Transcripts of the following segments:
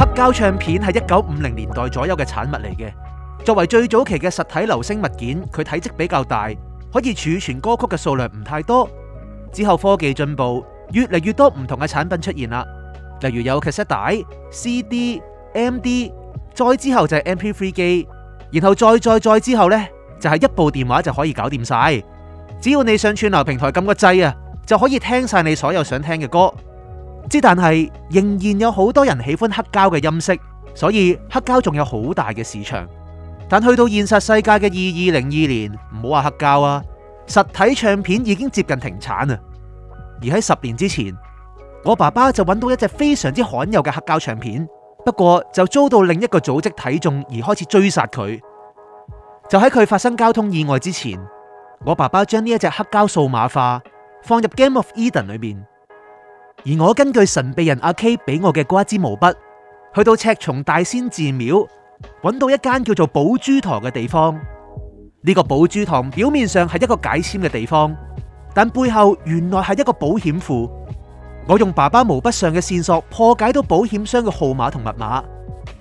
黑膠唱片係一九五零年代左右嘅產物嚟嘅，作為最早期嘅實體留聲物件，佢體積比較大，可以儲存歌曲嘅數量唔太多。之後科技進步，越嚟越多唔同嘅產品出現啦，例如有 cassette、CD、MD，再之後就係 MP3 機，然後再，再再再之後呢，就係、是、一部電話就可以搞掂晒，只要你上串流平台撳個掣啊，就可以聽晒你所有想聽嘅歌。之，但係仍然有好多人喜歡黑膠嘅音色，所以黑膠仲有好大嘅市場。但去到現實世界嘅二二零二年，唔好話黑膠啊，實體唱片已經接近停產啊。而喺十年之前，我爸爸就揾到一隻非常之罕有嘅黑膠唱片，不過就遭到另一個組織睇中而開始追殺佢。就喺佢發生交通意外之前，我爸爸將呢一隻黑膠數碼化，放入 Game of Eden 裏面。而我根據神秘人阿 K 俾我嘅嗰一支毛筆，去到赤松大仙寺廟，揾到一間叫做寶珠堂嘅地方。呢個寶珠堂表面上係一個解簽嘅地方，但背後原來係一個保險庫。我用爸爸毛筆上嘅線索破解到保險箱嘅號碼同密碼，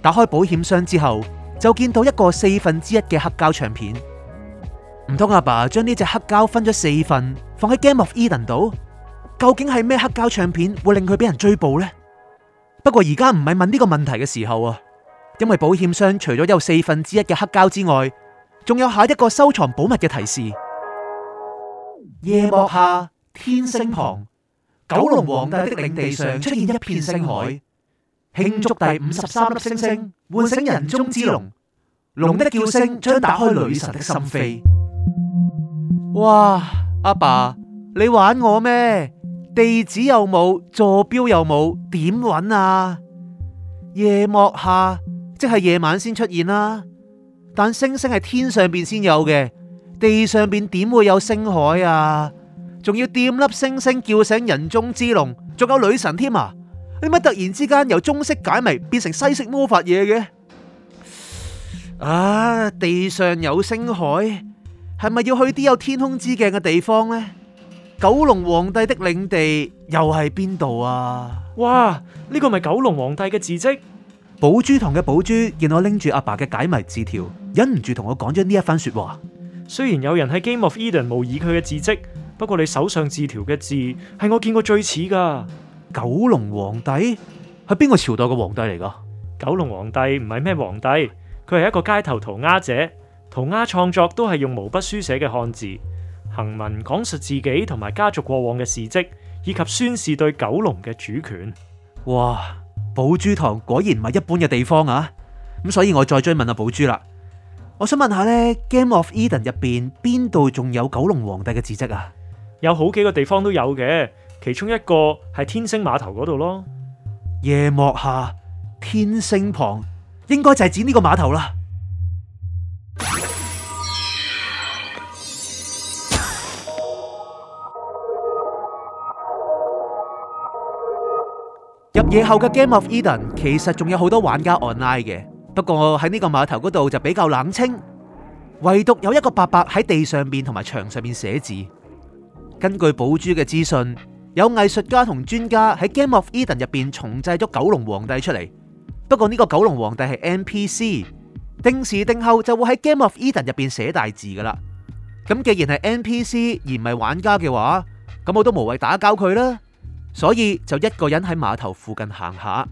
打開保險箱之後，就見到一個四分之一嘅黑膠唱片。唔通阿爸將呢隻黑膠分咗四份，放喺 Game of Eden 度？究竟係咩黑膠唱片會令佢俾人追捕呢？不過而家唔係問呢個問題嘅時候啊，因為保險箱除咗有四分之一嘅黑膠之外，仲有下一個收藏寶物嘅提示。夜幕下，天星旁，九龍皇帝的領地上出現一片星海，輕觸第五十三粒星星，喚醒人中之龍，龍的叫聲將打開女神的心扉。哇！阿爸，爸，你玩我咩？地址又冇，坐標又冇，點搵啊？夜幕下即係夜晚先出現啦。但星星係天上邊先有嘅，地上邊點會有星海啊？仲要掂粒星星叫醒人中之龍，仲有女神添啊？點解突然之間由中式解謎變成西式魔法嘢嘅？啊，地上有星海，係咪要去啲有天空之鏡嘅地方呢？九龍皇帝的領地又係邊度啊？哇！呢個咪九龍皇帝嘅字跡？寶珠堂嘅寶珠見我拎住阿爸嘅解謎字條，忍唔住同我講咗呢一番說話。雖然有人喺《Game of Eden》模擬佢嘅字跡，不過你手上字條嘅字係我見過最似噶。九龍皇帝係邊個朝代嘅皇帝嚟噶？九龍皇帝唔係咩皇帝，佢係一個街頭塗鴉者，塗鴉創作都係用毛筆書寫嘅漢字。行文講述自己同埋家族過往嘅事蹟，以及宣示對九龍嘅主權。哇！寶珠堂果然唔係一般嘅地方啊！咁所以我再追問阿寶珠啦，我想問下呢 Game of Eden 入邊邊度仲有九龍皇帝嘅字跡啊？有好幾個地方都有嘅，其中一個係天星碼頭嗰度咯。夜幕下，天星旁，應該就係指呢個碼頭啦。夜後嘅 Game of Eden 其實仲有好多玩家 online 嘅，不過喺呢個碼頭嗰度就比較冷清，唯獨有一個伯伯喺地上邊同埋牆上面寫字。根據寶珠嘅資訊，有藝術家同專家喺 Game of Eden 入邊重製咗九龍皇帝出嚟。不過呢個九龍皇帝係 NPC，定時定候就會喺 Game of Eden 入邊寫大字噶啦。咁既然係 NPC 而唔係玩家嘅話，咁我都無謂打攪佢啦。所以就一個人喺碼頭附近行下。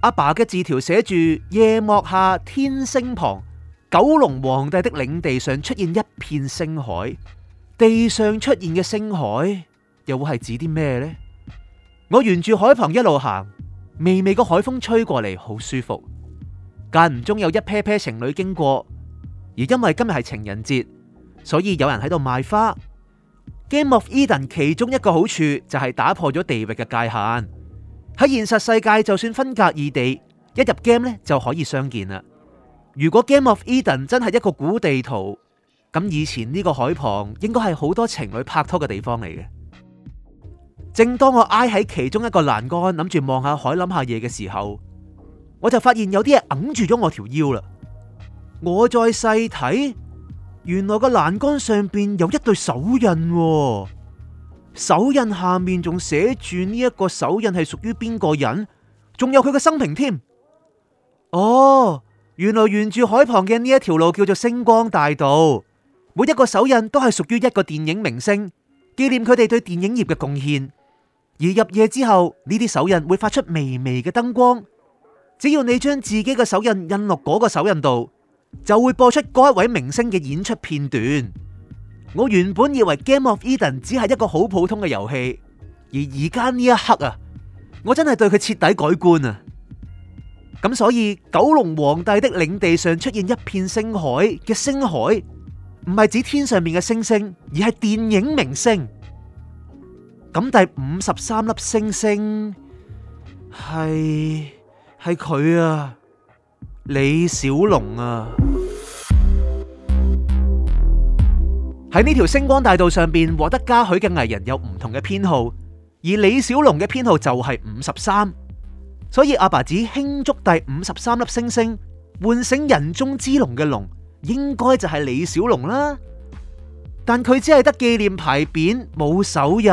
阿爸嘅字條寫住夜幕下天星旁，九龍皇帝的領地上出現一片星海。地上出現嘅星海又會係指啲咩呢？我沿住海旁一路行，微微個海風吹過嚟，好舒服。間唔中有一 pair pair 情侶經過，而因為今日係情人節，所以有人喺度賣花。Game of Eden 其中一個好處就係打破咗地域嘅界限。喺現實世界，就算分隔異地，一入 game 咧就可以相見啦。如果 Game of Eden 真係一個古地圖，咁以前呢個海旁應該係好多情侶拍拖嘅地方嚟嘅。正當我挨喺其中一個欄杆諗住望下海諗下嘢嘅時候，我就發現有啲嘢揞住咗我條腰啦。我再細睇。原來個欄杆上面有一對手印。哦，手印下面仲寫住呢一個手印係屬於邊個人，仲有佢嘅生平添。哦，原來沿住海旁嘅呢一條路叫做星光大道，每一個手印都係屬於一個電影明星，紀念佢哋對電影業嘅貢獻。而入夜之後，呢啲手印會發出微微嘅燈光，只要你將自己嘅手印印落嗰個手印度。就會播出嗰一位明星嘅演出片段。我原本以為《Game of Eden》只係一個好普通嘅遊戲，而而家呢一刻啊，我真係對佢徹底改觀啊！咁所以九龍皇帝的領地上出現一片星海嘅星海，唔係指天上面嘅星星，而係電影明星。咁第五十三粒星星，係係佢啊，李小龍啊！喺呢條星光大道上邊，獲得嘉許嘅藝人有唔同嘅編號，而李小龍嘅編號就係五十三，所以阿爸，爸只輕觸第五十三粒星星，喚醒人中之龍嘅龍，應該就係李小龍啦。但佢只係得紀念牌匾，冇手印，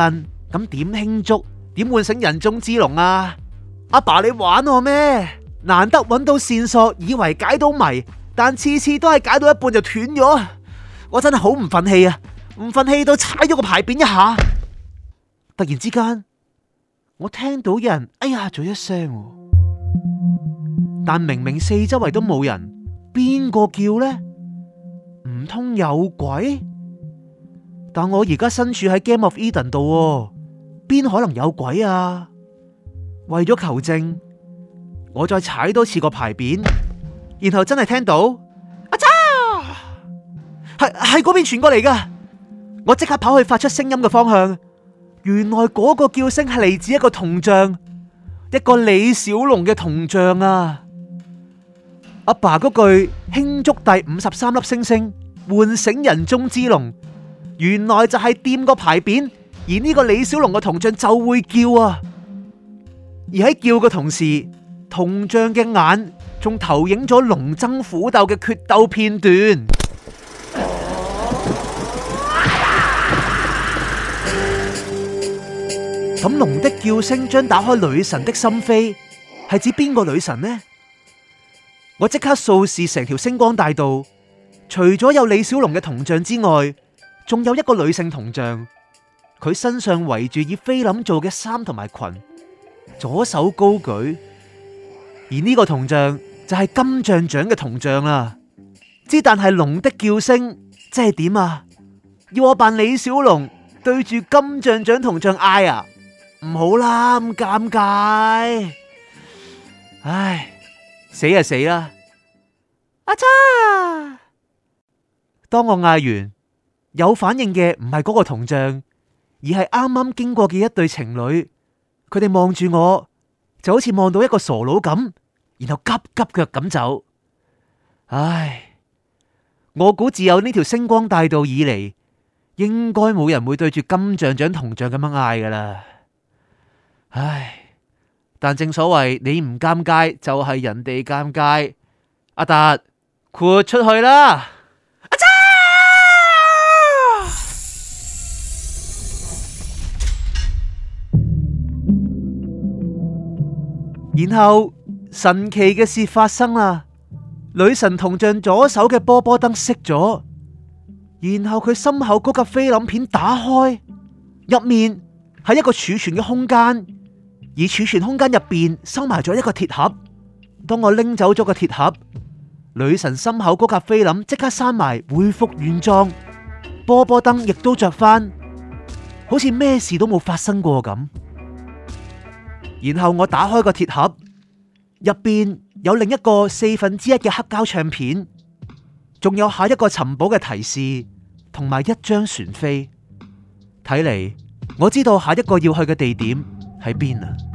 咁點輕觸？點喚醒人中之龍啊？阿爸，爸，你玩我咩？難得揾到線索，以為解到謎，但次次都係解到一半就斷咗。我真係好唔忿氣啊！唔忿氣到踩咗個牌匾一下，突然之間我聽到有人哎呀咗一聲，但明明四周圍都冇人，邊個叫呢？唔通有鬼？但我而家身處喺 Game of Eden 度，邊可能有鬼啊？為咗求證，我再踩多次個牌匾，然後真係聽到。喺嗰邊傳過嚟㗎，我即刻跑去發出聲音嘅方向，原來嗰個叫聲係嚟自一個銅像，一個李小龍嘅銅像啊！阿爸嗰句輕觸第五十三粒星星，喚醒人中之龍，原來就係掂個牌匾，而呢個李小龍嘅銅像就會叫啊！而喺叫嘅同時，銅像嘅眼仲投影咗龍爭虎鬥嘅決鬥片段。咁龍的叫聲將打開女神的心扉，係指邊個女神呢？我即刻掃視成條星光大道，除咗有李小龍嘅銅像之外，仲有一個女性銅像，佢身上圍住以菲林做嘅衫同埋裙，左手高舉，而呢個銅像就係金像獎嘅銅像啦。之但係龍的叫聲即係點啊？要我扮李小龍對住金像獎銅像嗌啊？唔好啦，咁尷尬。唉，死就死啦。啊叉！當我嗌完有反應嘅唔係嗰個銅像，而係啱啱經過嘅一對情侶。佢哋望住我就好似望到一個傻佬咁，然後急急腳咁走。唉，我估自有呢條星光大道以嚟，應該冇人會對住金像獎銅像咁樣嗌噶啦。唉，但正所謂你唔尷尬就係人哋尷尬，阿達豁出去啦！然後神奇嘅事發生啦，女神銅像左手嘅波波燈熄咗，然後佢心口嗰個菲林片打開，入面係一個儲存嘅空間。而儲存空間入邊收埋咗一個鐵盒。當我拎走咗個鐵盒，女神心口嗰架菲林即刻閂埋，恢復原狀。波波燈亦都着翻，好似咩事都冇發生過咁。然後我打開個鐵盒，入邊有另一個四分之一嘅黑膠唱片，仲有下一個尋寶嘅提示，同埋一張船飛。睇嚟我知道下一個要去嘅地點。喺邊啊？